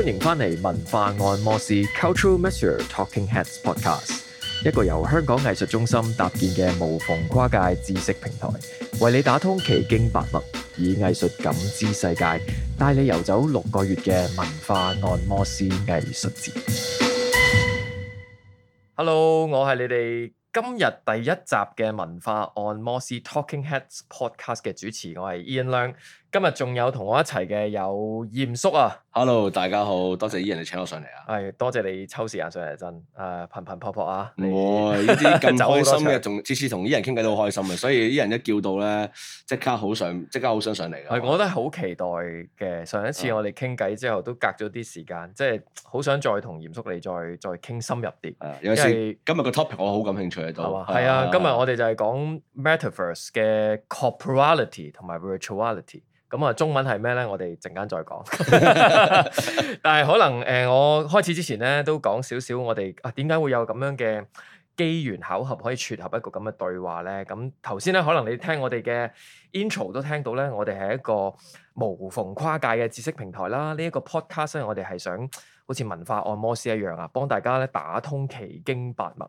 歡迎翻嚟文化按摩師 Cultural Masseur Talking Heads Podcast，一個由香港藝術中心搭建嘅無縫跨界知識平台，為你打通奇經百脈，以藝術感知世界，帶你游走六個月嘅文化按摩師藝術節。Hello，我係你哋今日第一集嘅文化按摩師 Talking Heads Podcast 嘅主持，我係 Ian Lang。今日仲有同我一齊嘅有鹽叔啊，Hello，大家好多謝 Ian 你請我上嚟啊，係多謝你抽時間上嚟真，誒，頻頻撲撲啊，我呢啲咁開心嘅，仲 次次同 Ian 傾偈都好開心啊，所以 Ian 一叫到咧，即刻好上想，即刻好想上嚟啊，係，我都係好期待嘅，上一次我哋傾偈之後都隔咗啲時間，即係好想再同鹽叔你再再傾深入啲，有時因為今日個 topic 我好感興趣喺度，係啊，的的今日我哋就係講 metaverse 嘅 corporality 同埋 virtuality。咁啊，中文係咩咧？我哋陣間再講。 但係可能誒、呃，我開始之前咧，都講少少我，我哋啊點解會有咁樣嘅機緣巧合可以撮合一個咁嘅對話咧？咁頭先咧，可能你聽我哋嘅 intro 都聽到咧，我哋係一個無縫跨界嘅知識平台啦。這個、呢一個 podcast 咧，我哋係想好似文化按摩師一樣啊，幫大家咧打通奇經八脈。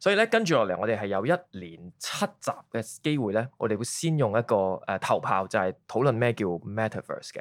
所以咧，跟住落嚟，我哋係有一年七集嘅機會咧。我哋會先用一個誒、呃、頭炮，就係、是、討論咩叫 Metaverse 嘅。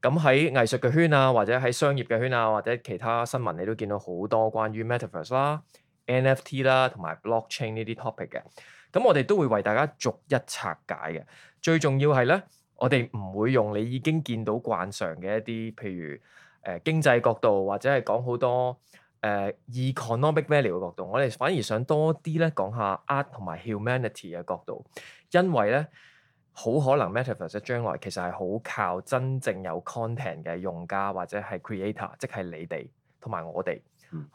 咁喺藝術嘅圈啊，或者喺商業嘅圈啊，或者其他新聞，你都見到好多關於 Metaverse 啦、NFT 啦，同埋 blockchain 呢啲 topic 嘅。咁我哋都會為大家逐一拆解嘅。最重要係咧，我哋唔會用你已經見到慣常嘅一啲，譬如誒、呃、經濟角度，或者係講好多。誒、uh, economic value 嘅角度，我哋反而想多啲咧講下 art 同埋 humanity 嘅角度，因為咧，好可能 metaverse 將來其實係好靠真正有 content 嘅用家或者係 creator，即係你哋同埋我哋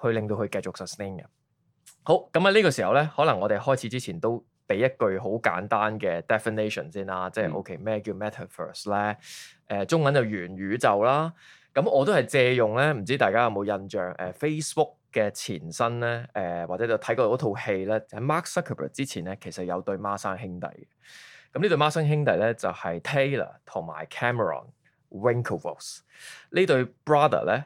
去令到佢繼續 sustain 嘅。好，咁喺呢個時候咧，可能我哋開始之前都俾一句好簡單嘅 definition 先啦，嗯、即係 OK 咩叫 metaverse 咧？誒、呃，中文就元宇宙啦。咁我都係借用咧，唔知大家有冇印象？誒，Facebook 嘅前身咧，誒，或者就睇過嗰套戲咧，喺 Mark Zuckerberg 之前咧，其實有對孖生兄弟嘅。咁呢對孖生兄弟咧就係 Taylor 同埋 Cameron Winklevoss。呢對 brother 咧，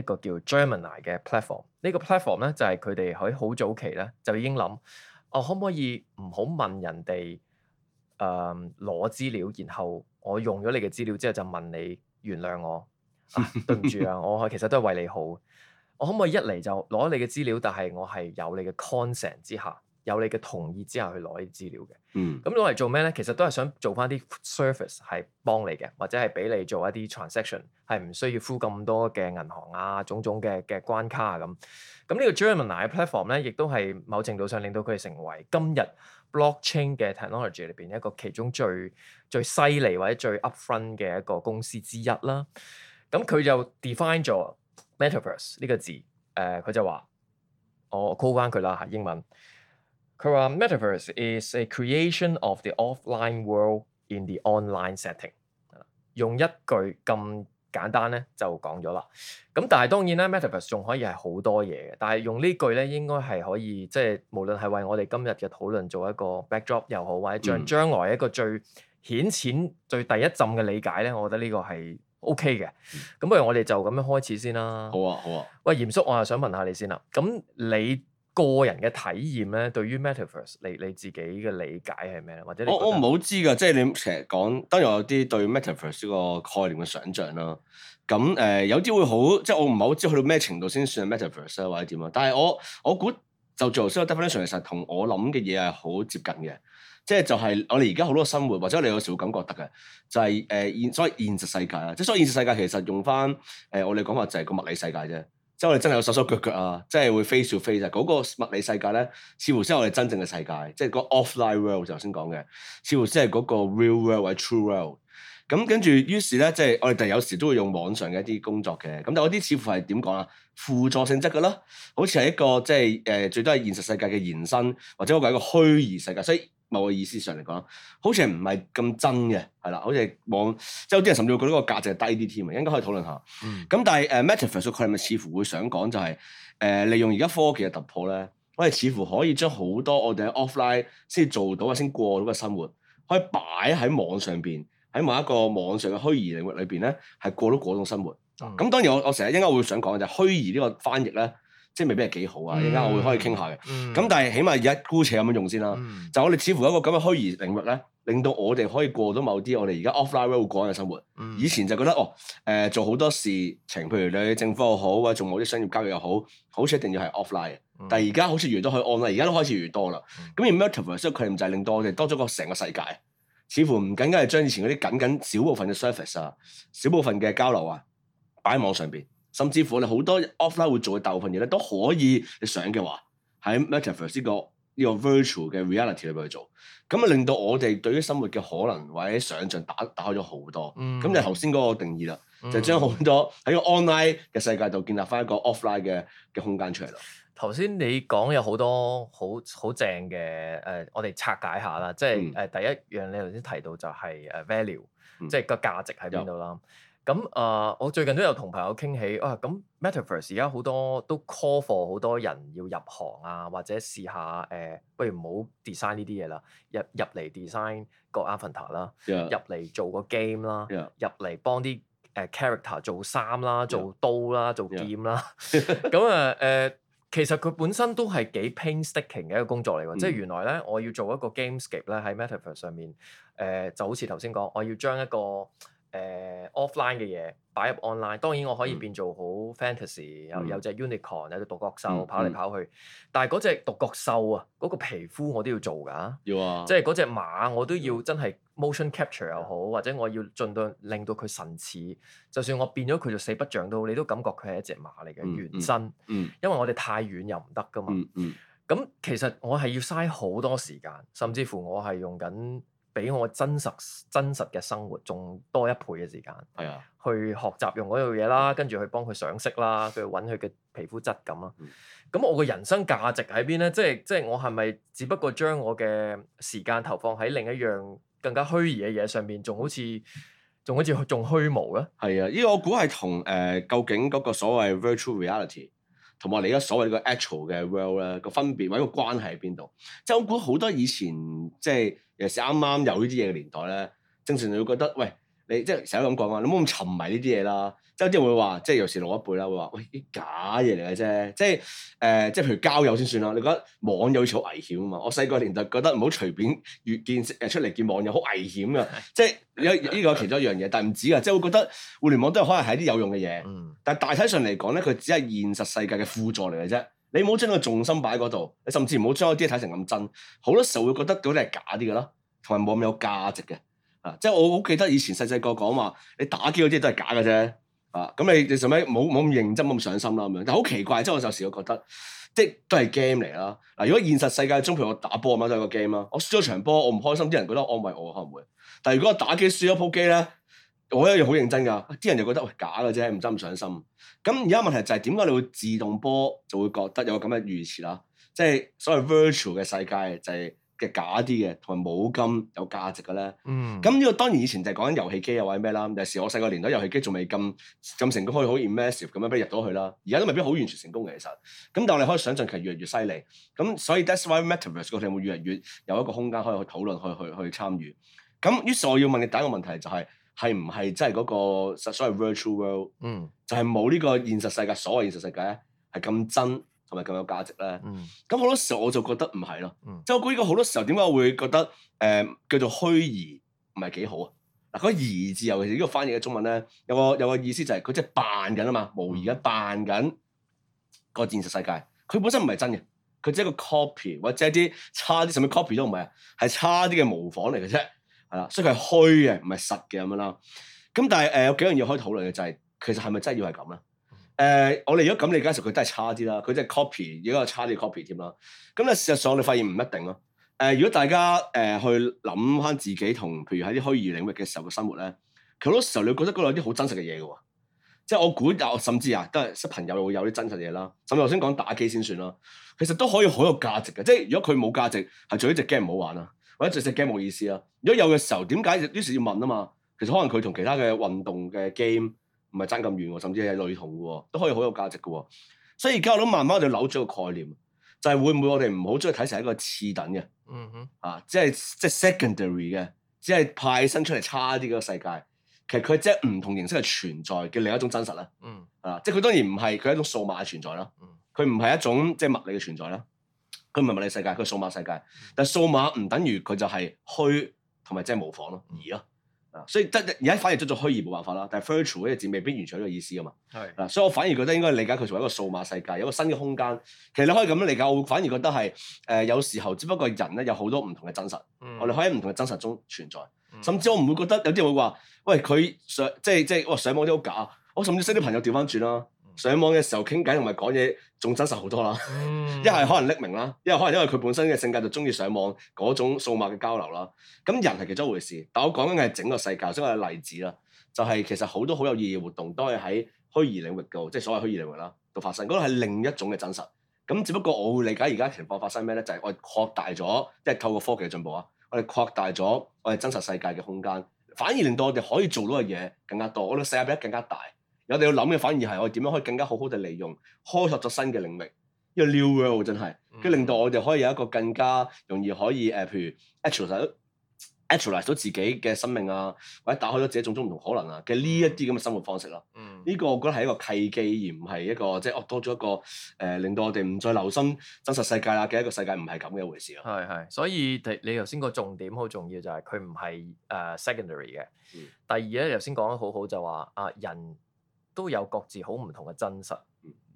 一個叫 Germany 嘅 platform，呢個 platform 咧就係佢哋喺好早期咧就已經諗，我可唔可以唔好問人哋誒攞資料，然後我用咗你嘅資料之後就問你原諒我，對唔住啊，啊 我其實都係為你好，我可唔可以一嚟就攞你嘅資料，但係我係有你嘅 consent 之下。有你嘅同意之下去攞啲資料嘅，咁攞嚟做咩咧？其實都係想做翻啲 service 係幫你嘅，或者係俾你做一啲 transaction 係唔需要付咁多嘅銀行啊、種種嘅嘅關卡啊咁。咁呢、嗯呢個 Gemini 嘅 platform 咧，亦都係某程度上令到佢哋成為今日 blockchain 嘅 technology 裏邊一個其中最最犀利或者最 upfront 嘅一個公司之一啦。咁、嗯、佢就 define 咗 metaverse 呢個字，誒、呃、佢就話我 call 翻佢啦嚇英文。佢話 Metaverse is a creation of the offline world in the online setting。用一句咁簡單咧就講咗啦。咁但係當然啦 Metaverse 仲可以係好多嘢嘅。但係用呢句咧，應該係可以即係無論係為我哋今日嘅討論做一個 backdrop 又好，或者將將來一個最顯淺、最第一浸嘅理解咧，我覺得呢個係 OK 嘅。咁 不如我哋就咁樣開始先啦。好啊，好啊。喂，鹽叔，我又想問下你先啦。咁你？個人嘅體驗咧，對於 Metaverse，你你自己嘅理解係咩咧？或者你我我唔好知㗎，即係你成日講當然有啲對 Metaverse 呢個概念嘅想像啦。咁誒、呃、有啲會好，即係我唔係好知去到咩程度先算係 Metaverse 啊，或者點啊？但係我我估就做所有 definition 其實同我諗嘅嘢係好接近嘅，即係就係我哋而家好多生活，或者你有時會感覺得嘅，就係誒現所謂現實世界啊，即係所謂現實世界，實世界其實用翻誒、呃、我哋講法就係個物理世界啫。即係我哋真係有手手腳腳啊，即係會 face to face 啊！嗰、那個物理世界咧，似乎先係我哋真正嘅世界，即係個 offline world 頭先講嘅，似乎先係嗰個 real world 或 true world。咁、嗯、跟住於是咧，即係我哋就有時都會用網上嘅一啲工作嘅，咁但係嗰啲似乎係點講啊？輔助性質嘅咯，好似係一個即係誒、呃，最多係現實世界嘅延伸，或者我講一個虛擬世界，所以。某個意思上嚟講，好似唔係咁真嘅，係啦，好似係網，即係有啲人甚至會覺得個價值係低啲添啊，應該可以討論下。咁、嗯、但係誒 Metaverse 佢係咪似乎會想講就係、是、誒、呃、利用而家科技嘅突破咧，我哋似乎可以將好多我哋喺 offline 先做到啊，先過到嘅生活，可以擺喺網上邊，喺某一個網上嘅虛擬領域裏邊咧，係過到嗰種生活。咁、嗯嗯、當然我我成日應該會想講嘅就係虛擬呢個翻譯咧。即係未必係幾好啊！而家我會可以傾下嘅，咁、mm hmm. 但係起碼而家姑且咁樣用先啦。Mm hmm. 就我哋似乎有一個咁嘅虛擬領域咧，令到我哋可以過到某啲我哋而家 offline 好廣嘅生活。Mm hmm. 以前就覺得哦，誒、呃、做好多事情，譬如你政府又好，或者做某啲商業交易又好，好似一定要係 offline。Mm hmm. 但係而家好似越嚟都去 online，而家都開始越，越多啦。咁、mm hmm. 而 metaverse 咧，佢唔就係令到我哋多咗個成個世界，似乎唔僅僅係將以前嗰啲僅僅小部分嘅 service 啊、小部分嘅交流啊擺喺網上邊。甚至乎我哋好多 offline 會做嘅大部分嘢咧，都可以你想嘅話，喺 Metaverse 呢個呢個 virtual 嘅 reality 裏邊去做，咁啊令到我哋對於生活嘅可能或者想象打打開咗好多。咁、嗯、就頭先嗰個定義啦，嗯、就將好多喺個 online 嘅世界度建立翻一個 offline 嘅嘅空間出嚟。頭先你講有好多好好正嘅誒，我哋拆解下啦，即係誒、呃嗯、第一樣你頭先提到就係誒 value，、嗯、即係個價值喺邊度啦。咁啊、呃，我最近都有同朋友傾起啊。咁 Metaverse 而家好多都 call for 好多人要入行啊，或者試下誒、呃，不如唔好 design 呢啲嘢啦，Yeah. 入入嚟 design 個 Avatar 啦，入嚟做個 game 啦，Yeah. 入嚟幫啲誒 character 做衫啦,啦、做刀啦、做 game 啦。咁啊誒，其實佢本身都係幾 painstaking 嘅一個工作嚟㗎，嗯、即係原來咧，我要做一個 game script 咧喺 Metaverse 上面，誒、呃、就好似頭先講，我要將一個誒、呃、offline 嘅嘢擺入 online，當然我可以變做好 fantasy、嗯、有有隻 unicorn 有隻獨角獸、嗯、跑嚟跑去，但係嗰隻獨角獸啊，嗰、那個皮膚我都要做㗎、啊，啊、即係嗰隻馬我都要真係 motion capture 又好，嗯、或者我要盡量令到佢神似，就算我變咗佢就四不像都好，你都感覺佢係一隻馬嚟嘅原身，嗯嗯嗯、因為我哋太遠又唔得㗎嘛，咁其實我係要嘥好多時間，甚至乎我係用緊，俾我真實真實嘅生活仲多一倍嘅時間，係啊，去學習用嗰樣嘢啦，跟住去幫佢上色啦，去搵佢嘅皮膚質感啦。咁、嗯、我嘅人生價值喺邊咧？即係即係我係咪只不過將我嘅時間投放喺另一樣更加虛擬嘅嘢上面，仲好似仲好似仲虛無咧？係啊，呢個我估係同誒，究竟嗰個所謂 virtual reality 同埋你而家所謂呢個 actual 嘅 world 咧個分別或者個關係喺邊度？即係我估好多以前即係。尤其啱啱有呢啲嘢嘅年代咧，正常就會覺得，喂，你即係成日咁講啊，你唔好咁沉迷呢啲嘢啦。即係有啲人會話，即係尤其老一輩啦，會話，喂，假嘢嚟嘅啫。即係誒、呃，即係譬如交友先算啦。你覺得網友好似好危險啊嘛。我細個年代覺得唔好隨便遇見誒出嚟見網友，好危險㗎、這個的。即係有呢個，有其中一樣嘢，但係唔止啊。即係會覺得互聯網都係可能係一啲有用嘅嘢，嗯、但係大體上嚟講咧，佢只係現實現世界嘅輔助嚟嘅啫。你唔好將個重心擺喺嗰度，你甚至唔好將嗰啲嘢睇成咁真，好多時候會覺得嗰啲係假啲嘅啦，同埋冇咁有價值嘅，啊，即係我好記得以前細細個講話，你打機嗰啲都係假嘅啫，啊，咁你你做咩冇冇咁認真咁上心啦咁樣？但係好奇怪，即係我有時會覺得，即都係 game 嚟啦。嗱，啊，如果現實世界中，譬如我打波啊，都係個 game 啦，我輸咗場波，我唔開心，啲人覺得安慰我，可能會，但係如果我打機輸咗鋪機咧。我一樣好認真㗎，啲人就覺得喂，假嘅啫，唔真唔上心。咁而家問題就係點解你會自動播就會覺得有咁嘅預設啦，即係所謂 virtual 嘅世界就係嘅假啲嘅，同埋冇咁有價值嘅咧。嗯，咁呢個當然以前就係講緊遊戲機啊或者咩啦。有時我細個年代遊戲機仲未咁咁成功可以好 impressive 咁樣入到去啦。而家都未必好完全成功嘅其實。咁但係你可以想象其實越嚟越犀利。咁所以 That's why Metaverse 個題目越嚟越有一個空間可以去討論去去去參與。咁於是我要問嘅第一個問題就係。係唔係真係嗰個所謂 virtual world？嗯，就係冇呢個現實世界，所謂現實世界咧係咁真同埋咁有價值咧。嗯，咁好多時候我就覺得唔係咯。即係、嗯、我估呢個好多時候，點解我會覺得誒、呃、叫做虛擬唔係幾好啊？嗱、那個，嗰個“虛”字尤其是呢個翻譯嘅中文咧，有個有個意思就係佢即係扮緊啊嘛，模擬緊扮緊個現實世界，佢本身唔係真嘅，佢只係個 copy 或者即係啲差啲，甚至 copy 都唔係啊，係差啲嘅模仿嚟嘅啫。係啦，所以佢係虛嘅，唔係實嘅咁樣啦。咁但係誒、呃、有幾樣嘢可以討論嘅就係、是、其實係咪真係要係咁咧？誒、呃，我哋如果咁理解嘅時候，佢真係差啲啦。佢真係 copy，如果係差啲 copy 添啦。咁咧事實上我哋發現唔一定咯。誒、呃，如果大家誒、呃、去諗翻自己同譬如喺啲虛擬領域嘅時候嘅生活咧，其實好多時候你會覺得嗰度有啲好真實嘅嘢嘅喎。即係我估，甚至啊，都係識朋友會有啲真實嘢啦。甚至頭先講打機先算啦，其實都可以好有價值嘅。即係如果佢冇價值，係做呢隻 game 唔好玩啦。我一直隻 game 冇意思啊！如果有嘅時候，點解於是要問啊嘛？其實可能佢同其他嘅運動嘅 game 唔係爭咁遠，甚至係類同嘅，都可以好有價值嘅。所以而家我諗，慢慢就扭咗個概念，就係、是、會唔會我哋唔好鍾意睇成一個次等嘅？嗯哼、mm，hmm. 啊，即係即係、就是、secondary 嘅，只係派生出嚟差啲嘅世界。其實佢即係唔同形式嘅存在嘅另一種真實啦。嗯、mm，hmm. 啊，即係佢當然唔係佢係一種數碼嘅存在啦。佢唔係一種即係物理嘅存在啦。佢唔係物理世界，佢數碼世界。嗯、但係數碼唔等於佢就係虛，同埋即係模仿咯，而咯、嗯。啊，所以得而家反而做咗虛擬冇辦法啦。但係 virtual 呢個字未必完全係呢個意思是啊嘛。係。嗱，所以我反而覺得應該理解佢作為一個數碼世界，有個新嘅空間。其實你可以咁樣理解，我反而覺得係誒、呃、有時候只不過人咧有好多唔同嘅真實，嗯、我哋可以喺唔同嘅真實中存在。甚至我唔會覺得有啲人會話，喂，佢上即係即係哇上網都好假。我甚至識啲朋友調翻轉啦。上網嘅時候傾偈同埋講嘢，仲真實好多啦。一 係可能匿名啦，一係可能因為佢本身嘅性格就中意上網嗰種數碼嘅交流啦。咁人係其中一回事，但係我講緊嘅係整個世界，所以我有例子啦。就係、是、其實好多好有意義嘅活動都係喺虛擬領域度，即係所謂虛擬領域啦，度發生。嗰個係另一種嘅真實。咁只不過我會理解而家情況發生咩咧？就係、是、我哋擴大咗，即、就、係、是、透過科技嘅進步啊，我哋擴大咗我哋真實世界嘅空間，反而令到我哋可以做到嘅嘢更加多，我哋世界變得更加大。我哋要諗嘅反而係我點樣可以更加好好地利用開拓咗新嘅領域，呢、這個 new world 真係，跟住、嗯、令到我哋可以有一個更加容易可以誒、呃，譬如 actualize actualize 到自己嘅生命啊，或者打開咗自己種種唔同可能啊嘅呢一啲咁嘅生活方式咯、啊。呢、嗯、個我覺得係一個契機，而唔係一個即係多咗一個誒、呃，令到我哋唔再留心真實世界啊嘅一個世界，唔係咁嘅一回事咯。係係，所以你你頭先個重點好重要就係佢唔係誒 secondary 嘅。嗯、第二咧頭先講得好好就話啊人。都有各自好唔同嘅真實，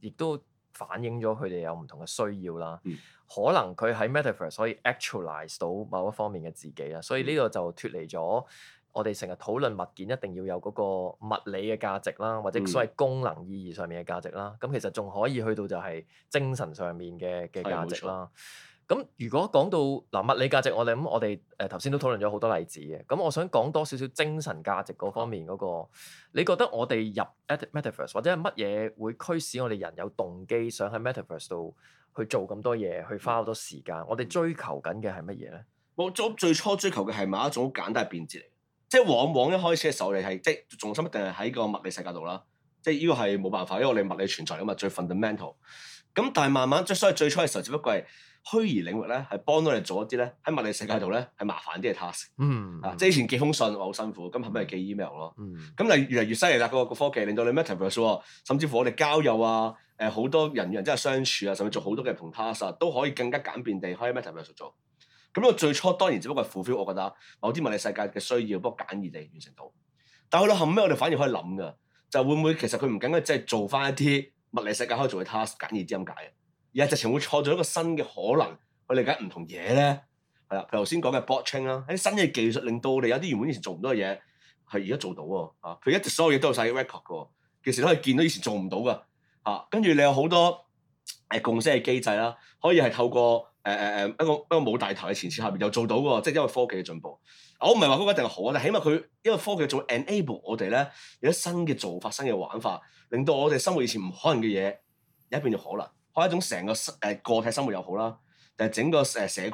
亦都反映咗佢哋有唔同嘅需要啦。嗯、可能佢喺 Metaverse 可以 a c t u a l i z eactualize 到某一方面嘅自己啊，所以呢個就脫離咗我哋成日討論物件一定要有嗰個物理嘅價值啦，或者所謂功能意義上面嘅價值啦。咁、嗯、其實仲可以去到就係精神上面嘅嘅價值啦。咁如果講到嗱，物理價值我哋，咁我哋誒，頭先都討論咗好多例子嘅，咁我想講多少少精神價值嗰方面嗰、嗰個，你覺得我哋入 At Metaverse 或者係乜嘢會驅使我哋人有動機想喺 Metaverse 度去做咁多嘢，去花好多時間，我哋追求緊嘅係乜嘢咧？嗯、我咗最初追求嘅係某一種簡單嘅便捷嚟，即係往往一開始嘅時候你係即係重心一定係喺個物理世界度啦，即係呢個係冇辦法，因為我哋物理存在㗎嘛，最 fundamental。咁但係慢慢即所以最初嘅時候只不過係。虛擬領域咧，係幫到你做一啲咧喺物理世界度咧係麻煩啲嘅 task。嗯、mm，hmm. 啊，即係以前寄封信話好辛苦，咁後尾係寄 email 咯。咁你、mm hmm. 越嚟越犀利啦，個個科技令到你 metaverse，甚至乎我哋交友啊，誒、呃，好多人與人真係相處啊，甚至做好多嘅唔同 task 啊，都可以更加簡便地可以喺 metaverse 做。咁我最初當然只不過係 fulfill，我覺得某啲物理世界嘅需要，不過簡易地完成到。但去到後尾，我哋反而可以諗嘅，就係、會唔會其實佢唔僅僅即係做翻一啲物理世界可以做嘅 task，簡易啲咁解嘅？而係直情會創造一個新嘅可能，去理解唔同嘢咧，係啦，譬如頭先講嘅 blockchain 啦，啲新嘅技術令到我哋有啲原本以前做唔到嘅嘢，係而家做到喎，啊，佢一啲所有嘢都有曬 record 嘅，其實都可以見到以前做唔到嘅，啊，跟住你有好多誒、啊、共識嘅機制啦，可以係透過誒誒誒一個一個冇大台嘅前設下邊又做到嘅，即係因為科技嘅進步。我唔係話嗰個一定係好，但係起碼佢因為科技做 enable 我哋咧，有啲新嘅做法、新嘅玩法，令到我哋生活以前唔可能嘅嘢，而家變咗可能。開一種成個誒個體生活又好啦，定係整個誒社群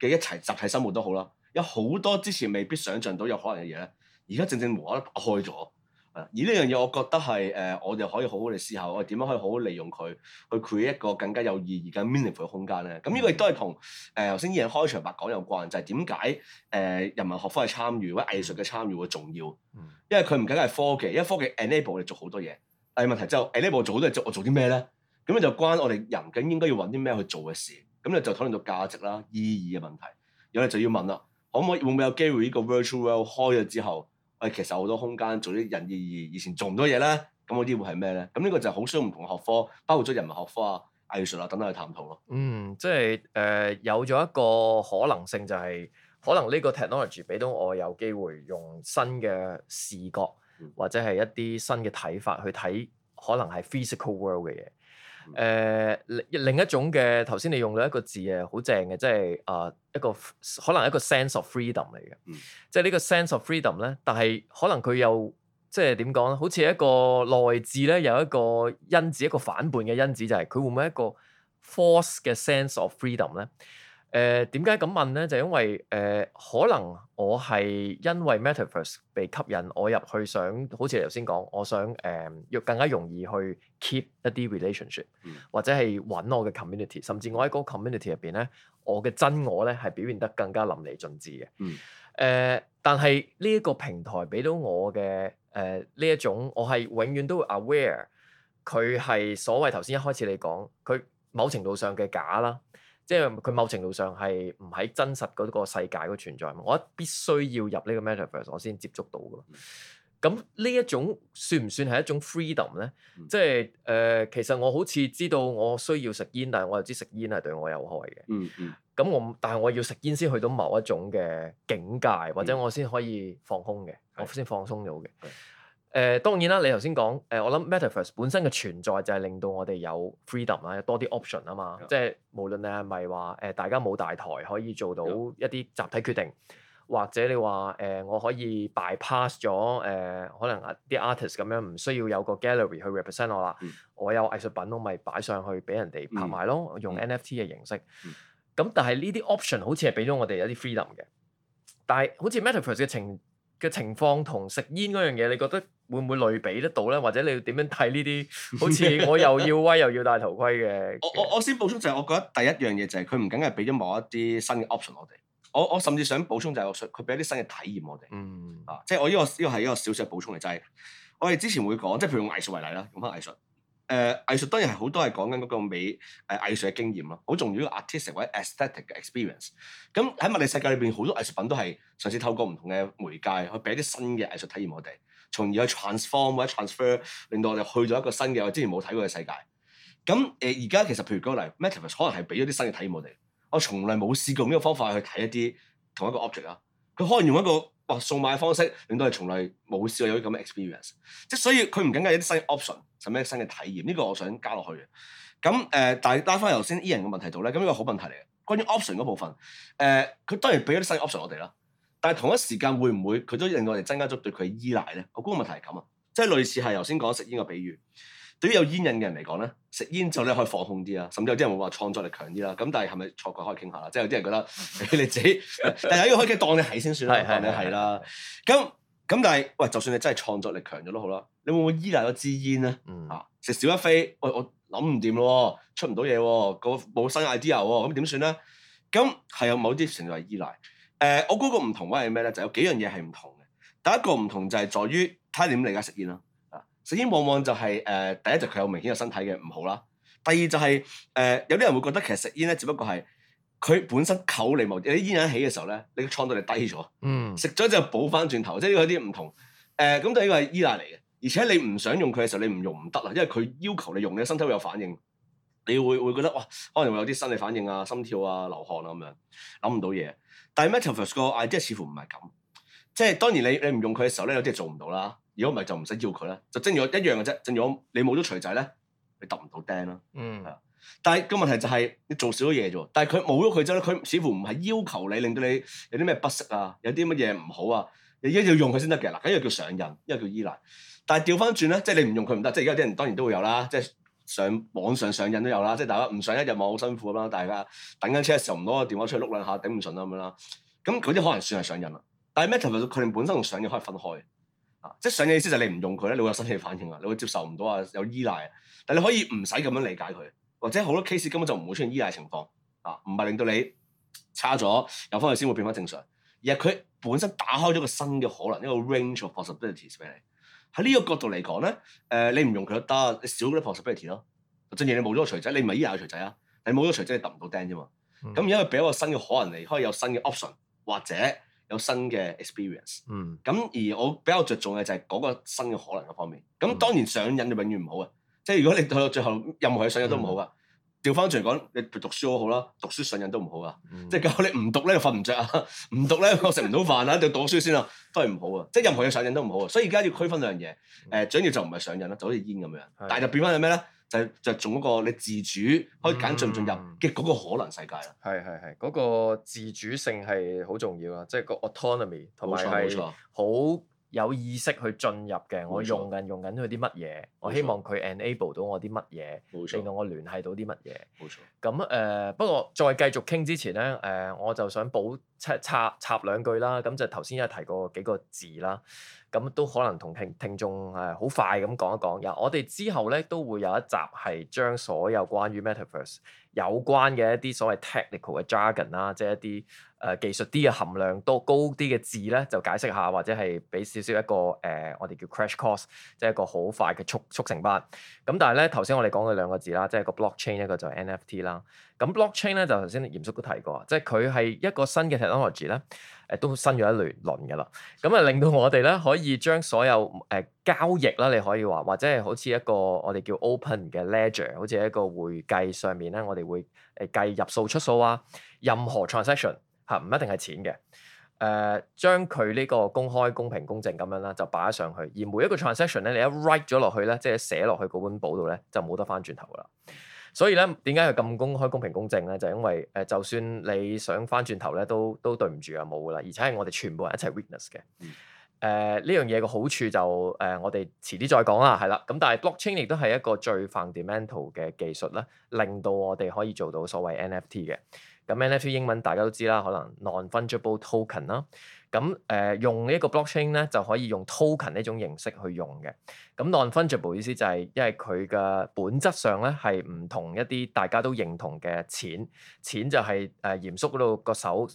嘅一齊集體生活都好啦，有好多之前未必想象到有可能嘅嘢咧，而家正正無啦啦都打開咗。而呢樣嘢我覺得係誒、呃，我哋可以好好地思考，我哋點樣可以好好利用佢去 create 一個更加有意義嘅 meaningful 嘅空間咧？咁呢個亦都係同誒頭先 Ian 開場白講有關，就係點解誒人文學科嘅參與或者藝術嘅參與會重要？嗯、因為佢唔僅僅係科技，因為科技 enable 你做好多嘢，但係問題就 enable 做好多嘢，我做啲咩咧？咁咧就關我哋人究竟應該要揾啲咩去做嘅事？咁你就討論到價值啦、意義嘅問題。有咧就要問啦，可唔可以會唔會有機會呢個 virtual world 開咗之後，喂、啊，其實有好多空間做啲人意義以前做唔到嘢呢，咁嗰啲會係咩呢？咁呢個就好需要唔同學科，包括咗人文學科啊、藝術啊等等去探討咯。嗯，即係誒、呃、有咗一個可能性、就係，就係可能呢個 technology 俾到我有機會用新嘅視覺、嗯、或者係一啲新嘅睇法去睇，可能係 physical world 嘅嘢。誒、呃、另一種嘅頭先你用咗一個字，誒、呃嗯，好正嘅，即係啊一個可能一個 sense of freedom 嚟嘅，即係呢個 sense of freedom 咧，但係可能佢又即係點講咧？好似一個內在咧有一個因子，一個反叛嘅因子，就係佢會唔會一個 force 嘅 sense of freedom 咧？誒，點解咁問咧？就是、因為誒、呃、可能我係因為 Metaverse 被吸引，我入去想，好似你頭先講，我想誒要、呃、更加容易去 keep 一啲 relationship、嗯、或者係揾我嘅 community，甚至我喺嗰 community 入邊咧，我嘅真我咧係表現得更加淋漓盡致嘅。誒、嗯呃，但係呢一個平台俾到我嘅誒呢一種，我係永遠都會 aware，佢係所謂頭先一開始你講，佢某程度上嘅假啦。即係佢某程度上係唔喺真實嗰個世界個存在，我必須要入呢個 Metaverse 我先接觸到嘅。咁呢一種算唔算係一種 freedom 呢？嗯、即係誒、呃，其實我好似知道我需要食煙，但係我又知食煙係對我有害嘅。咁、嗯嗯、我但係我要食煙先去到某一種嘅境界，或者我先可以放空嘅，嗯、我先放鬆咗嘅。嗯嗯嗯誒、呃、當然啦，你頭先講誒，我諗 Metaverse 本身嘅存在就係令到我哋有 freedom 啦，有多啲 option 啊嘛。嗯、即係無論你係咪話誒，大家冇大台可以做到一啲集體決定，或者你話誒、呃，我可以 bypass 咗誒、呃，可能啲 artist 咁樣唔需要有個 gallery 去 represent 我啦。嗯、我有藝術品，我咪擺上去俾人哋拍賣咯，嗯、用 NFT 嘅形式。咁、嗯嗯、但係呢啲 option 好似係俾咗我哋一啲 freedom 嘅，但係好似 Metaverse 嘅情嘅情況同食煙嗰樣嘢，你覺得會唔會類比得到咧？或者你要點樣睇呢啲？好似我又要威又要戴頭盔嘅。 的我我我先補充就係，我覺得第一樣嘢就係佢唔僅係俾咗某一啲新嘅 option 我哋，我我甚至想補充就係，佢俾一啲新嘅體驗我哋。嗯啊，即係我呢個依個係一個小小嘅補充嚟，就係我哋之前會講，即係譬如用藝術為例啦，用翻藝術。誒、呃、藝術當然係好多係講緊嗰個美誒、呃、藝術嘅經驗咯，好重要嘅 artistic 或者 aesthetic 嘅 experience。咁喺物理世界裏邊，好多藝術品都係嘗試透過唔同嘅媒介去俾啲新嘅藝術體驗我哋，從而去 transform 或者 transfer，令到我哋去咗一個新嘅我之前冇睇過嘅世界。咁誒而家其實譬如舉、那個例，Metaverse 可能係俾咗啲新嘅體驗我哋，我從來冇試過呢個方法去睇一啲同一個 object 啊，佢可能用一個。送買方式令到我哋從來冇試過有啲咁嘅 experience，即係所以佢唔淨係一啲新 option，甚至新嘅體驗，呢、這個我想加落去嘅。咁誒、呃，但係帶翻頭先 Ian 嘅問題到咧，咁呢、這個好問題嚟嘅，關於 option 嗰部分，誒、呃、佢當然俾咗啲新 option 我哋啦，但係同一時間會唔會佢都令到我哋增加咗對佢嘅依賴咧？我估個問題係咁啊，即係類似係頭先講食煙嘅比喻。對於有煙癮嘅人嚟講咧，食煙之後咧可以放空啲啦，甚至有啲人會話創作力強啲啦。咁但係係咪錯覺可以傾下啦？ 即係有啲人覺得你自己，但係要開劇當你係先算啦， 當你係啦。咁咁 但係喂，就算你真係創作力強咗都好啦，你會唔會依賴咗支煙咧？嗯、啊，食少一飛，我我諗唔掂咯，出唔到嘢喎，冇新 idea 喎，咁點算咧？咁係有某啲程度依賴。誒、呃，我嗰個唔同位係咩咧？就有幾樣嘢係唔同嘅。第一個唔同就係在於睇下點嚟噶食煙咯。看看食煙往往就係、是、誒、呃，第一就佢有明顯嘅身體嘅唔好啦。第二就係、是、誒、呃，有啲人會覺得其實食煙咧，只不過係佢本身口嚟冇啲煙癮起嘅時候咧，你個創度就低咗。嗯，食咗之後就補翻轉頭，即係呢個有啲唔同。誒、呃，咁第呢個係依賴嚟嘅，而且你唔想用佢嘅時候，你唔用唔得啦，因為佢要求你用你咧，身體會有反應，你會會覺得哇，可能會有啲生理反應啊、心跳啊、流汗啊咁樣，諗唔到嘢。但係 Metaverse 嗰個 idea，即係似乎唔係咁，即係當然你你唔用佢嘅時候咧，有啲係做唔到啦。如果唔係就唔使要佢啦，就正如我一樣嘅啫。正如我你冇咗錘仔咧，你揼唔到釘啦。嗯，係啊。但係個問題就係你做少咗嘢啫。但係佢冇咗佢之後咧，佢似乎唔係要求你令到你有啲咩不適啊，有啲乜嘢唔好啊，你一定要用佢先得嘅。嗱，一個叫上癮，一個叫依賴。但係調翻轉咧，即係你唔用佢唔得。即係而家啲人當然都會有啦，即係上網上上癮都有啦。即係大家唔上一日網好辛苦咁啦，大家等緊車嘅時候唔攞個電話出去碌兩下，頂唔順咁樣啦。咁嗰啲可能算係上癮啦。但係 Meta 佢哋本身同上癮可以分開嘅。即係上嘅意思就係你唔用佢咧，你會有身體反應啊，你會接受唔到啊，有依賴。但係你可以唔使咁樣理解佢，或者好多 case 根本就唔會出現依賴情況。啊，唔係令到你差咗，有翻去先會變翻正常。而係佢本身打開咗個新嘅可能，一個 range of possibilities 俾你。喺呢個角度嚟講咧，誒你唔用佢得，你，你少嗰啲 possibility 咯。正如你冇咗個錘仔，你唔係依賴個錘仔啊，係冇咗錘仔你揼唔到釘啫嘛。咁而家佢俾一個新嘅可能你，可以有新嘅 option 或者。有新嘅 experience，咁、嗯、而我比較着重嘅就係嗰個新嘅可能嘅方面。咁當然上癮就永遠唔好嘅，即係如果你去到最後任何嘢上癮都唔好噶。調翻轉嚟講，你讀書都好啦，讀書上癮都唔好噶。即係搞你唔讀咧就瞓唔着；啊，唔讀咧我食唔到飯啊，要讀書先啊，都係唔好啊。即係任何嘢上癮都唔好啊。所以而家要區分兩樣嘢，誒，最緊要就唔係上癮啦，就好似煙咁樣，的但係就變翻係咩咧？就就做嗰個你自主，可以揀進唔進入嘅嗰個可能世界啦。係係係，嗰個自主性係好重要啊，即係個 autonomy，同埋係好冇錯。有意識去進入嘅，我用緊用緊佢啲乜嘢？冇錯。我希望佢 enable 到我啲乜嘢，冇錯。令到我聯繫到啲乜嘢？冇錯。咁誒，uh，不過再繼續傾之前咧，誒、uh，我就想補插插插兩句啦。咁就頭先有提過幾個字啦，咁都可能同聽聽眾誒好快咁講一講。然後我哋之後咧都會有一集係將所有關於 Metaverse 有關嘅一啲所謂 technical 嘅 jargon 啦，即係一啲誒技術啲嘅含量多高啲嘅字咧，就解釋下或者係俾少少一個誒、呃，我哋叫 crash course，即係一個好快嘅速速成班。咁但係咧頭先我哋講嘅兩個字啦，即係個 blockchain 一個就係 NFT 啦。咁 blockchain 咧就頭先鹽叔都提過，即係佢係一個新嘅 technology 啦。誒都新咗一輪輪嘅啦，咁啊令到我哋咧可以將所有誒交易啦，你可以話或者係好似一個我哋叫 open 嘅 ledger，好似一個會計上面咧，我哋會誒計入數出數啊，任何 transaction 嚇唔一定係錢嘅，誒將佢呢個公開公平公正咁樣啦，就擺咗上去，而每一個 transaction 咧，你一 write 咗落去咧，即係寫落去嗰本簿度咧，就冇得翻轉頭噶啦。所以咧，點解佢咁公開、公平、公正咧？就因為誒、呃，就算你想翻轉頭咧，都都對唔住啊，冇噶啦。而且係我哋全部人一齊 witness 嘅。誒呢、嗯呃、樣嘢嘅好處就誒、呃，我哋遲啲再講啦，係啦。咁但係 blockchain 亦都係一個最 fundamental 嘅技術啦，令到我哋可以做到所謂 NFT 嘅。咁 NFT 英文大家都知啦，可能 non-fungible token 啦。咁誒、呃、用個呢個 blockchain 咧，就可以用 token 呢種形式去用嘅。咁 non fungible 意思就係、是、因為佢嘅本質上咧係唔同一啲大家都認同嘅錢，錢就係誒鹽叔嗰度個手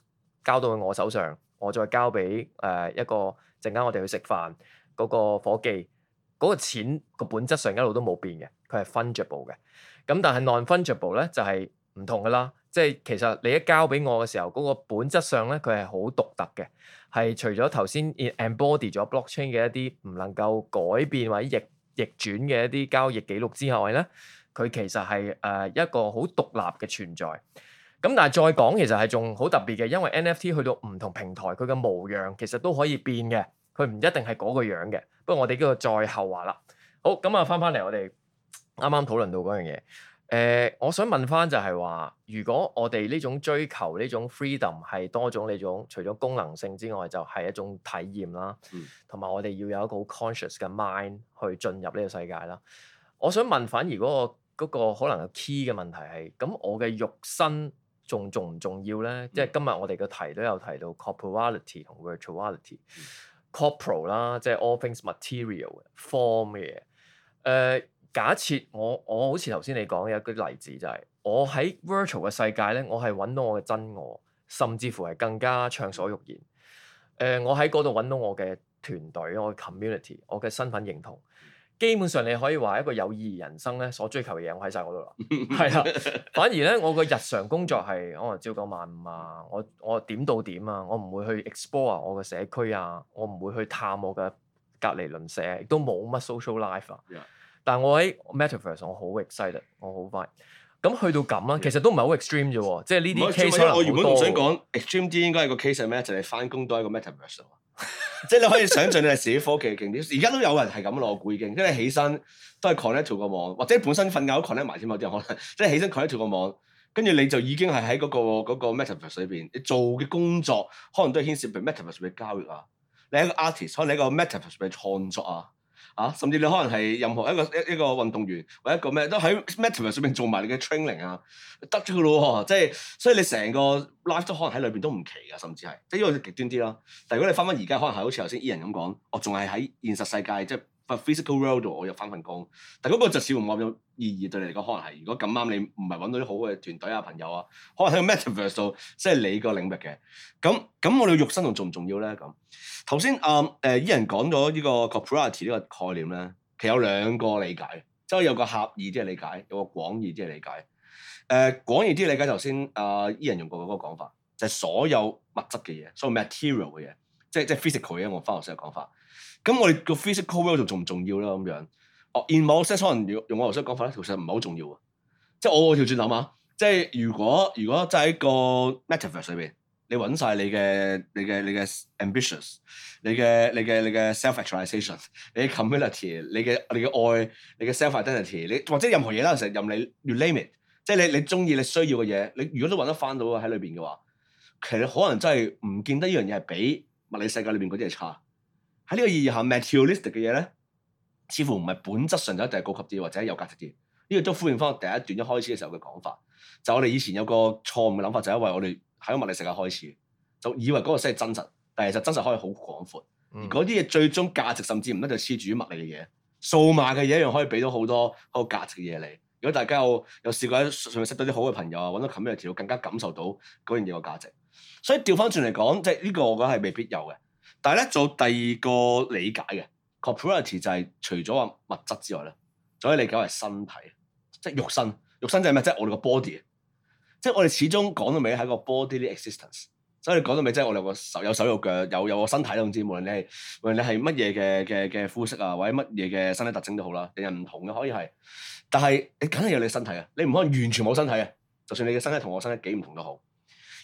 交到我手上，我再交俾誒、呃、一個陣間我哋去食飯嗰個夥計，嗰、那個錢個本質上一路都冇變嘅，佢係 fungible 嘅。咁但係 non fungible 咧就係、是、唔同噶啦，即係其實你一交俾我嘅時候，嗰、那個本質上咧佢係好獨特嘅。係除咗頭先，embodied 咗 blockchain 嘅一啲唔能夠改變或者逆逆轉嘅一啲交易記錄之外咧，佢其實係誒一個好獨立嘅存在。咁但係再講，其實係仲好特別嘅，因為 NFT 去到唔同平台，佢嘅模樣其實都可以變嘅，佢唔一定係嗰個樣嘅。不過我哋呢個再後話啦。好，咁啊返返嚟，我哋啱啱討論到嗰樣嘢。誒、呃，我想問翻就係話，如果我哋呢種追求呢種 freedom 係多種呢種，除咗功能性之外，就係一種體驗啦。同埋、嗯、我哋要有一個好 conscious 嘅 mind 去進入呢個世界啦。我想問，反而如果嗰、嗰個可能有 key 嘅問題係，咁我嘅肉身仲重唔重要咧？嗯、即係今日我哋嘅題都有提到 corporality 同 virtuality，cor、嗯、poral 啦，al，即係 all things material form 嘅嘢，誒、呃。假設我我好似頭先你講嘅一個例子，就係我喺 virtual 嘅世界咧，我係揾到我嘅真我，甚至乎係更加暢所欲言。誒、呃，我喺嗰度揾到我嘅團隊、我嘅 community、我嘅身份認同。基本上你可以話一個有意義人生咧，所追求嘅嘢我喺晒嗰度啦。係啊， 反而咧我嘅日常工作係我係朝九晚五啊，我我點到點啊，我唔會去 explore 我嘅社區啊，我唔會去探我嘅隔離鄰舍，亦都冇乜 social life 啊。Yeah. 但係我喺 Metaverse，我好 excited，我好快。咁去到咁啦，其實都唔係好 extreme 啫，即係呢啲我原本唔想講 extreme 啲應該係個 case 係咩？就係翻工都喺個 Metaverse 即係你可以想像你係寫科技嘅經典，而家都有人係咁咯。我估已經，因為起身都係 connect 到個網，或者即係本身瞓覺都 connect 埋添啊！有啲可能即係起身 connect 到個網，跟住你就已經係喺嗰個、嗰個、Metaverse 裏邊，你做嘅工作可能都係牽涉俾 Metaverse 嘅交易啊。你係一個 artist，可能你個 Metaverse 嘅創作啊。啊，甚至你可能係任何一個一一個運動員或者一個咩，都喺 m o f t w a r e 水平做埋你嘅 training 啊，得咗咯、啊、即係所以你成個 life 都可能喺裏邊都唔奇噶，甚至係即係因為極端啲啦。但係如果你翻返而家，可能係好似頭先 E 人咁講，我仲係喺現實世界，即係 physical world 度，我又翻份工。但係嗰個就少唔啱意義對你嚟講可能係，如果咁啱你唔係揾到啲好嘅團隊啊朋友啊，可能喺 metaverse 度即係你個領域嘅。咁咁我哋肉身仲重唔重要咧？咁頭先誒 Ian 講咗呢個 corporeality 呢個概念咧，其實有兩個理解，即係有個狹義啲嘅理解，有個廣義啲嘅理解。誒、呃、廣義啲理解頭先啊 Ian 用過嗰個講法，就係、是、所有物質嘅嘢，所有 material 嘅嘢，即係即係 physical 嘅嘢。我翻學時嘅講法。咁我哋個 physical world 仲重唔重要啦？咁樣？In way, way, Just, in 某些場合，用用我頭先講法咧，其實唔係好重要啊。即係我調轉諗啊，即係如果如果即係一個 metaverse 上面，你揾晒你嘅你嘅你嘅 ambitious，你嘅你嘅你嘅 self actualization，你嘅 community，你嘅你嘅愛，你嘅 self identity，你或者任何嘢啦，其實任你 name it，即係你你中意你需要嘅嘢，你如果都揾得翻到喺裏邊嘅話，其實可能真係唔見得呢樣嘢係比物理世界裏邊嗰啲係差。喺呢個意義下，materialistic 嘅嘢咧，似乎唔係本質上就一定係高級啲或者有價值啲，呢、這個都呼應翻我第一段一開始嘅時候嘅講法，就是、我哋以前有個錯誤嘅諗法，就係、是、因為我哋喺物理世界開始，就以為嗰個先係真實，但係其實真實可以好廣闊，嗰啲嘢最終價值甚至唔一定黐住於物理嘅嘢，數碼嘅嘢一樣可以俾到好多個價值嘅嘢嚟。如果大家有有試過喺上面識到啲好嘅朋友啊，揾到冚屘嘅橋，更加感受到嗰樣嘢嘅價值。所以調翻轉嚟講，即係呢、這個我覺得係未必有嘅，但係咧做第二個理解嘅。Priority 就係除咗話物質之外咧，可以理解為身體，即係肉身，肉身就係咩？即係我哋個 body，即係我哋始終講到尾喺個 body 的 existence，所以你講到尾即係我哋個手有手有腳有有個身體都唔知，無論你係無論你係乜嘢嘅嘅嘅膚色啊，或者乜嘢嘅身體特徵都好啦，人人唔同嘅可以係，但係你梗係有你身體啊，你唔可能完全冇身體啊，就算你嘅身體同我身體幾唔同都好。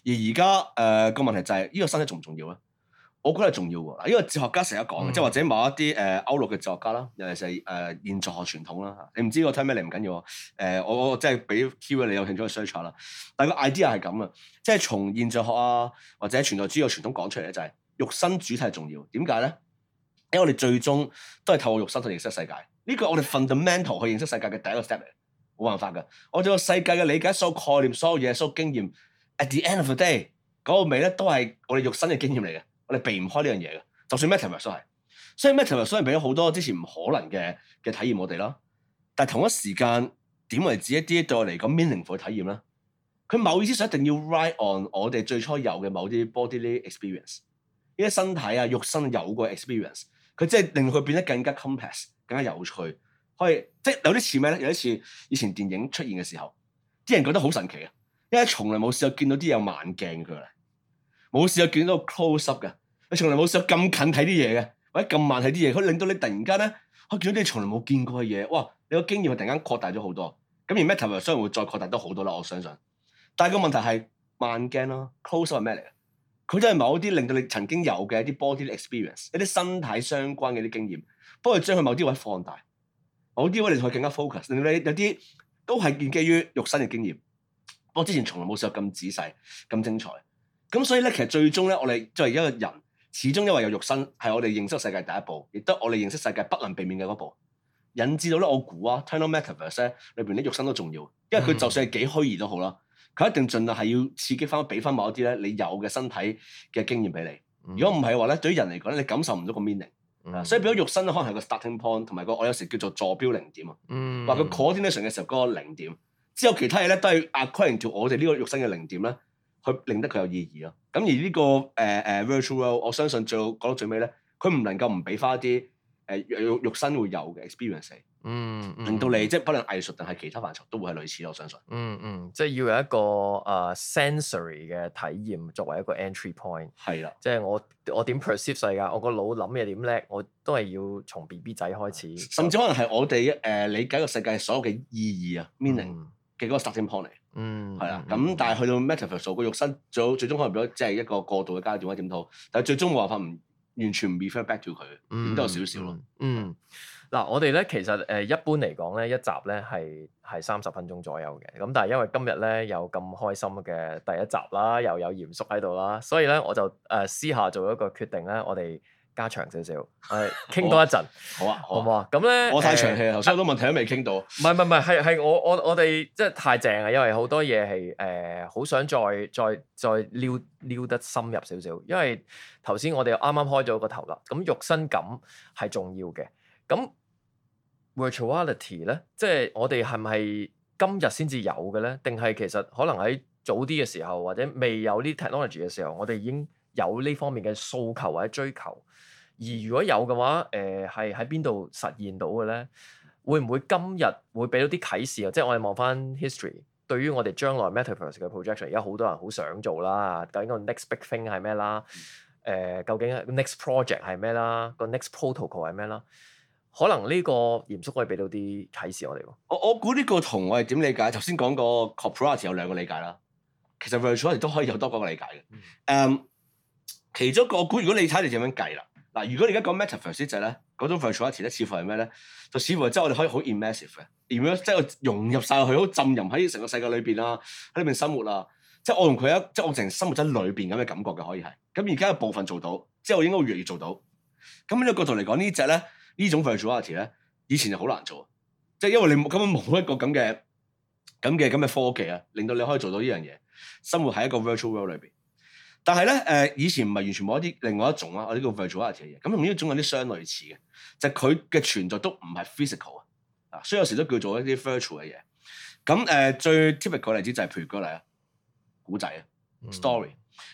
而而家誒個問題就係呢個身體重唔重要啊？我覺得係重要喎，因為哲學家成日講嘅，即係、嗯、或者某一啲誒、呃、歐陸嘅哲學家啦，尤其就係誒現象學傳統啦、啊。你唔知我聽咩嚟唔緊要，誒、呃、我即係俾 Q i 你有興趣 search 啦。但個 idea 係咁嘅，即係從現象學啊，或者存在主義嘅傳統講出嚟咧、就是，就係肉身主體重要。點解咧？因為我哋最終都係透過肉身去認識世界，呢個我哋 fundamental 去認識世界嘅第一個 step 嚟。冇辦法嘅，我哋個世界嘅理解、所有概念、所有嘢、所有經驗，at the end of the day 嗰個味咧，都係我哋肉身嘅經驗嚟嘅。你避唔開呢樣嘢嘅，就算 Metaverse 都係，所以 Metaverse 雖然俾咗好多之前唔可能嘅嘅體驗我哋啦，但係同一時間點，為止一啲對我嚟講 meaningful 嘅體驗咧，佢某意思上一定要 ride on 我哋最初有嘅某啲 bodily experience，呢啲身體啊，肉身有過 experience，佢即係令佢變得更加 complex，更加有趣，可以即係有啲似咩咧？有啲似以前電影出現嘅時候，啲人覺得好神奇啊，因為從來冇試過見到啲有慢鏡嘅，冇試過見到 close up 嘅。你從嚟冇上咁近睇啲嘢嘅，或者咁慢睇啲嘢，佢令到你突然間咧，佢見到啲從嚟冇見過嘅嘢。哇！你個經驗啊，突然間擴大咗好多。咁而 m e t a v e 然會再擴大得好多啦，我相信。但係個問題係慢鏡咯。Close u 係咩嚟？佢都係某啲令到你曾經有嘅一啲 body experience，一啲身體相關嘅啲經驗，幫你將佢某啲位放大，某啲位你同佢更加 focus。令到你有啲都係建基於肉身嘅經驗。我之前從嚟冇上咁仔細、咁精彩。咁所以咧，其實最終咧，我哋作為一個人。始終因為有肉身係我哋認識世界第一步，亦都我哋認識世界不能避免嘅嗰步。引致到咧，我估啊，Tunnel Metaverse 咧裏邊啲肉身都重要，因為佢就算係幾虛擬都好啦，佢一定盡量係要刺激翻，俾翻某一啲咧你有嘅身體嘅經驗俾你。如果唔係嘅話咧，對於人嚟講咧，你感受唔到個 meaning、嗯啊。所以變咗肉身可能係個 starting point，同埋個我有時叫做坐標零點啊。話佢 coordination 嘅時候嗰個零點，之後其他嘢咧都係 according to 我哋呢個肉身嘅零點咧。佢令得佢有意義咯，咁而呢、這個誒誒、呃啊、virtual World，我相信最講到最尾咧，佢唔能夠唔俾翻一啲誒肉肉身會有嘅 experience，嗯，嗯令到你即係不論藝術定係其他範疇都會係類似，我相信嗯。嗯嗯，即係要有一個誒、uh, sensory 嘅體驗作為一個 entry point 的。係啦，即係我我點 perceive 世界，我個腦諗嘢點叻，我都係要從 B B 仔開始、嗯。甚至可能係我哋誒、uh, 理解個世界所有嘅意義啊，meaning、嗯。嗯其實嗰個 starting point 嚟，嗯，係啦的，咁、嗯、但係去到 Metaverse 個、嗯、肉身，就最終可能變咗即係一個過度嘅階段，但係最終冇辦法唔完全唔 refer back to 佢，咁都、嗯、有少少咯。嗯，嗱對，我哋咧其實誒一般嚟講咧一集咧係係三十分鐘左右嘅，咁但係因為今日咧有咁開心嘅第一集啦，又有嚴肅喺度啦，所以咧我就誒私下做一個決定咧，我哋。加長少少，係傾多一陣、 好啊，好啊，好唔好啊？咁咧，我太長氣啊，頭先好多問題都未傾到。唔係唔係唔係，係係我我我哋即係太正啊，因為好多嘢係誒好想再再再撩撩得深入少少，因為頭先我哋啱啱開咗個頭啦。咁肉身感係重要嘅，咁 virtuality 咧，即係、就是、我哋係咪今日先至有嘅咧？定係其實可能喺早啲嘅時候，或者未有呢 technology 嘅時候，我哋已經。有呢方面嘅訴求或者追求，而如果有嘅話，誒係喺邊度實現到嘅咧？會唔會今日會俾到啲啟示啊？即係我哋望翻 history，對於我哋將來 Metaverse 嘅 projection，而家好多人好想做啦。究竟個 next big thing 係咩啦？誒、呃，究竟 next project 係咩啦？個 next protocol 係咩啦？可能呢個鹽叔可以俾到啲啟示我哋。我我估呢個同我哋點理解？頭先講個 corporate 有兩個理解啦，其實 virtual 亦都可以有多個理解嘅。誒、um。其中一個股，如果你睇你就咁計啦。嗱，如果你而家講 Metaverse 呢咧，嗰種 virtuality 咧，似乎係咩咧？就似乎即係我哋可以好 immersive 嘅 immersive 即係我融入晒，落去，好浸淫喺成個世界裏邊啦，喺裏邊生活啊。即係我同佢一，即係我淨係生活喺裏邊咁嘅感覺嘅，可以係。咁而家有部分做到，即係我應該會越嚟越做到。咁呢個角度嚟講，呢隻咧，種呢種 virtuality 咧，以前就好難做，即係因為你根本冇一個咁嘅咁嘅咁嘅科技啊，令到你可以做到呢樣嘢，生活喺一個 virtual world 裏邊。但係咧，誒以前唔係完全冇一啲另外一種啊，我呢個 virtual 嘅嘢，咁同呢一種有啲相類似嘅，就係佢嘅存在都唔係 physical 啊，啊，所以有時都叫做一啲 virtual 嘅嘢。咁誒、呃、最 typical 例子就係譬如舉例啊，古仔啊，story，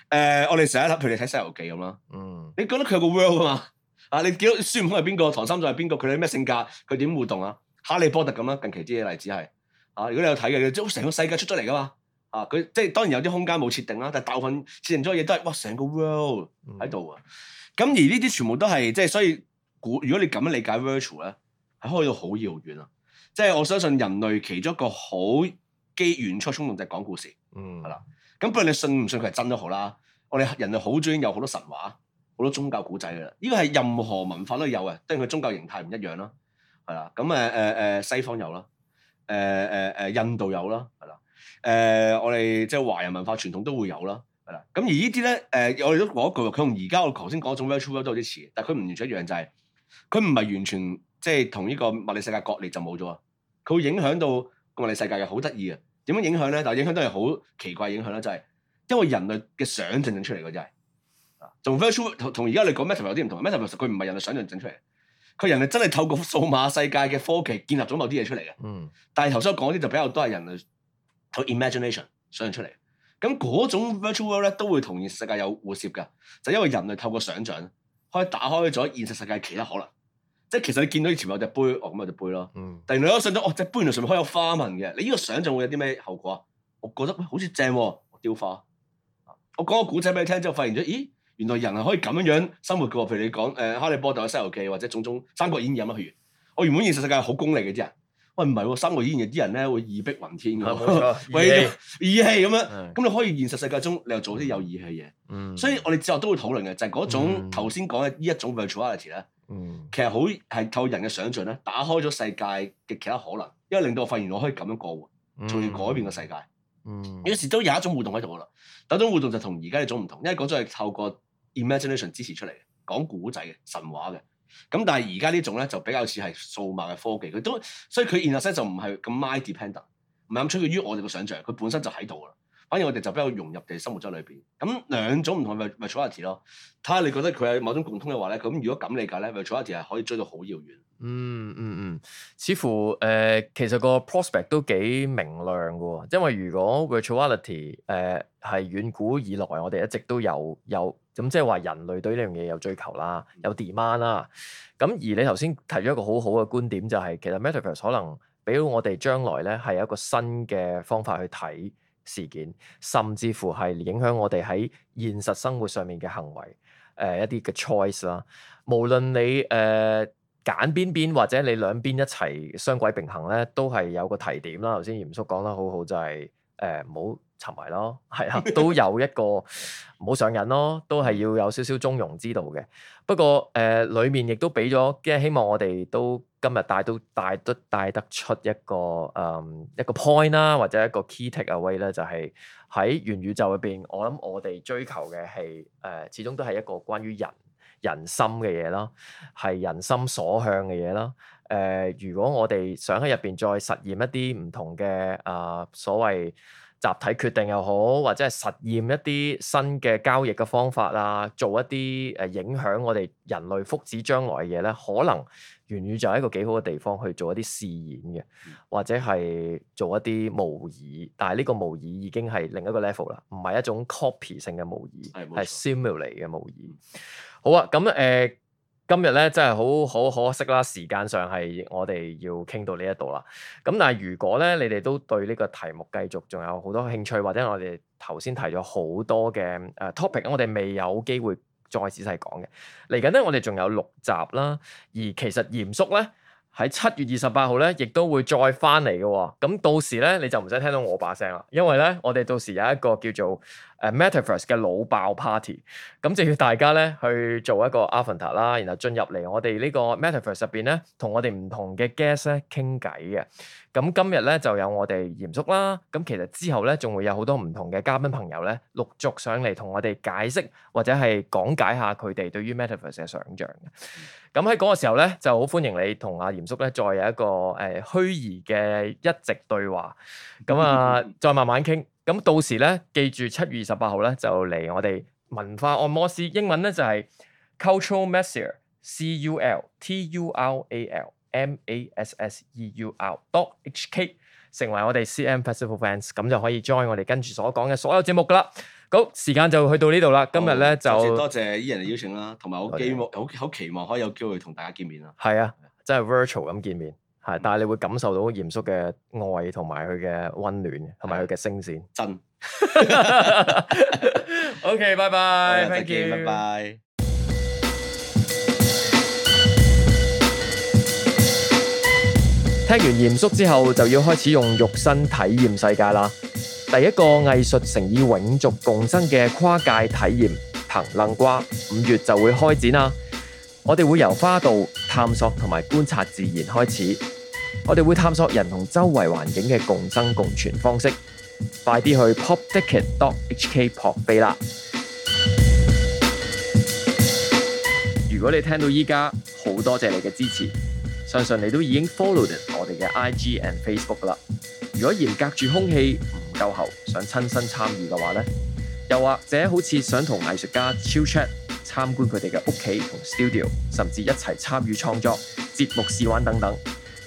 誒我哋成日諗，譬如睇、嗯呃、西遊記咁啦，嗯，你覺得佢有個 world 噶嘛？啊，你知道孫悟空係邊個？唐三藏係邊個？佢哋咩性格？佢點互動啊？哈利波特咁啦，近期啲例子係啊，如果你有睇嘅，即將成個世界出咗嚟噶嘛？啊！佢即係當然有啲空間冇設定啦，但係大部分設定咗嘅嘢都係哇，成個 world 喺度啊！咁、嗯、而呢啲全部都係即係，所以古如果你咁樣理解 virtual 咧，係可以到好遙遠啊！即係我相信人類其中一個好機原初衝動就係講故事，係啦、嗯。咁不過你信唔信佢係真都好啦。我哋人類好中意有好多神話、好多宗教古仔噶啦。呢個係任何文化都有啊，雖然佢宗教形態唔一樣咯，係啦。咁誒誒誒，西方有啦，誒誒誒，印度有啦，係啦。誒、呃，我哋即係華人文化傳統都會有啦，係啦。咁而呢啲咧，誒、呃，我哋都講一句佢同而家我頭先講嗰種 virtual 都有啲似，但係佢唔完全一樣，就係佢唔係完全即係同呢個物理世界割裂就冇咗啊。佢會影響到個物理世界嘅，好得意啊！點樣影響咧？但係影響都係好奇怪影響啦、就是，就係因為人類嘅想象整出嚟嘅就係啊，同 virtual 同而家你講 metaverse 有啲唔同 metaverse 佢唔係人類想象整出嚟，佢人類真係透過數碼世界嘅科技建立咗某啲嘢出嚟嘅。嗯、但係頭先講嗰啲就比較多係人類。個 imagination 想象出嚟，咁嗰種 virtual world 咧都會同現實世界有互涉噶，就是、因為人類透過想象，可以打開咗現實世界其他可能。即係其實你見到啲前面有隻杯，哦咁有隻杯咯，嗯、突然你又想象哦，隻杯原來上面可以有花紋嘅，你呢個想象會有啲咩後果啊？我覺得、哎、好似正雕、啊、花。我講個古仔俾你聽之後，發現咗，咦，原來人係可以咁樣樣生活嘅喎。譬如你講誒、呃《哈利波特》《西遊記》或者種種《三國演義》咁啊，譬如我原本現實世界係好功利嘅啲人。喂，唔係、哦哦，三維依然有啲人咧會云錯 意逼雲天嘅，為 意氣咁樣。咁的你可以現實世界中，你又做啲有意氣嘅嘢。嗯、所以我哋之後都會討論嘅就係、是、嗰種頭先講嘅呢一種 virtuality 咧、嗯，其實好係透過人嘅想像咧，打開咗世界嘅其他可能，因為令到我發現我可以咁樣過活，仲要改變個世界。嗯、有時都有一種互動喺度嘅啦。有一種互動就同而家呢種唔同，因為嗰種係透過 imagination 支持出嚟嘅，講古仔嘅神話嘅。咁但係而家呢種咧就比較似係數碼嘅科技，佢都所以佢 internet 就唔係咁 mind dependent，唔係咁出於我哋嘅想象，佢本身就喺度啦。反而我哋就比較融入地生活質裏邊，咁兩種唔同咪咪 virtuality 咯，睇下你覺得佢係某種共通嘅話咧，咁如果咁理解咧，virtuality 係可以追到好遙遠。嗯嗯嗯，似乎誒、呃、其實個 prospect 都幾明亮嘅，因為如果 virtuality 誒、呃、係遠古以來我哋一直都有有咁，即係話人類對呢樣嘢有追求啦，有 demand 啦、啊。咁而你頭先提咗一個好好嘅觀點，就是，就係其實 metaverse 可能俾我哋將來咧係有一個新嘅方法去睇。事件，甚至乎係影響我哋喺現實生活上面嘅行為誒、呃、一啲嘅 choice 啦。無論你誒揀、呃、邊邊或者你兩邊一齊雙軌並行咧，都係有個提點啦。頭先鹽叔講得好好，就係誒冇。呃沉迷咯，係啊，都有一個唔好上癮咯，都係要有少少中庸之道嘅。不過誒、呃，裡面亦都俾咗，即係希望我哋都今日帶都帶都帶得出一個誒、嗯、一個 point 啦，或者一個 key take away 咧，就係喺元宇宙入邊，我諗我哋追求嘅係誒，始終都係一個關於人人心嘅嘢咯，係人心所向嘅嘢咯。誒、呃，如果我哋想喺入邊再實現一啲唔同嘅啊、呃、所謂～集體決定又好，或者係實驗一啲新嘅交易嘅方法啦，做一啲誒影響我哋人類福祉將來嘅嘢咧，可能元宇宙就係一個幾好嘅地方去做一啲試驗嘅，或者係做一啲模擬。但係呢個模擬已經係另一個 level 啦，唔係一種 copy 性嘅模擬，係 simulate 嘅模擬。好啊，咁誒。呃今日咧真係好好可惜啦，時間上係我哋要傾到呢一度啦。咁但係如果咧，你哋都對呢個題目繼續仲有好多興趣，或者我哋頭先提咗好多嘅誒 topic，我哋未有機會再仔細講嘅。嚟緊咧，我哋仲有六集啦。而其實鹽叔咧喺七月二十八號咧，亦都會再翻嚟嘅。咁到時咧，你就唔使聽到我把聲啦，因為咧，我哋到時有一個叫做～誒、uh, MetaVerse 嘅老爆 party，咁就要大家咧去做一個 avatar 啦，然後進入嚟我哋呢個 MetaVerse 入邊咧，我同我哋唔同嘅 guest 咧傾偈嘅。咁今日咧就有我哋鹽叔啦，咁其實之後咧仲會有好多唔同嘅嘉賓朋友咧陸續上嚟同我哋解釋或者係講解下佢哋對於 MetaVerse 嘅想象。咁喺嗰個時候咧就好歡迎你同阿鹽叔咧再有一個誒虛擬嘅一直對話，咁啊 再慢慢傾。咁到時咧，記住七月二十八號咧就嚟我哋文化按摩師，英文咧就係 cultural masseur, c u l t u r a l m a s s e u r dot h k，成為我哋 C M Festival fans，咁就可以 join 我哋跟住所講嘅所有節目噶啦好，時間就去到呢度啦。今日咧就多、哦、謝 Ian 嘅邀請啦，同埋好希望，好好們期望可以有機會同大家見面啦。係啊，真係 virtual 咁見面。但係你會感受到嚴肅嘅愛同埋佢嘅溫暖和的，同埋佢嘅聲線真。O K，拜拜，thank you，拜拜。聽完嚴肅之後，就要開始用肉身體驗世界啦。第一個藝術成以永續共生嘅跨界體驗《藤棱瓜》，五月就會開展啦。我哋會由花道探索同埋觀察自然開始。我哋會探索人同周圍環境嘅共生共存方式，快啲去 popticket.hk 撲 pop 飛啦！如果你聽到依家，好多謝你嘅支持，相信你都已經 followed 我哋嘅 IG and Facebook 噶啦。如果嚴格住空氣唔夠喉，想親身參與嘅話咧，又或者好似想同藝術家 chill chat、參觀佢哋嘅屋企同 studio，甚至一齊參與創作、節目試玩等等。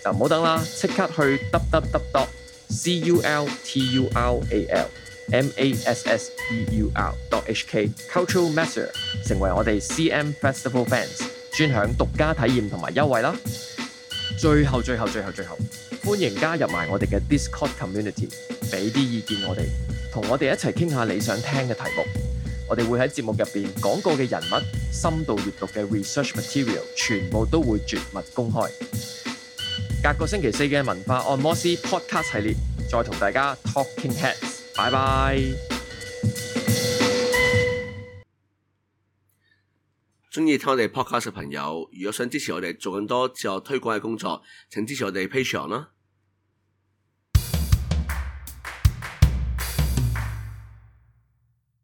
就唔好等啦，即刻去 w w w c u l t u r a l m a s s e u r h k Cultural Message 成為我哋 CM Festival fans，專享獨家體驗同埋優惠啦！最後最後最後最後，歡迎加入埋我哋嘅 Discord community，俾啲意見我哋，同我哋一齊傾下你想聽嘅題目。我哋會喺節目入邊講過嘅人物、深度閱讀嘅 research material，全部都會絕密公開。隔個星期四嘅文化按摩師 podcast 系列，再同大家 talking heads，拜拜。鍾意聽我哋 podcast 嘅朋友，如果想支持我哋做更多自我推廣嘅工作，請支持我哋 Patreon 啦。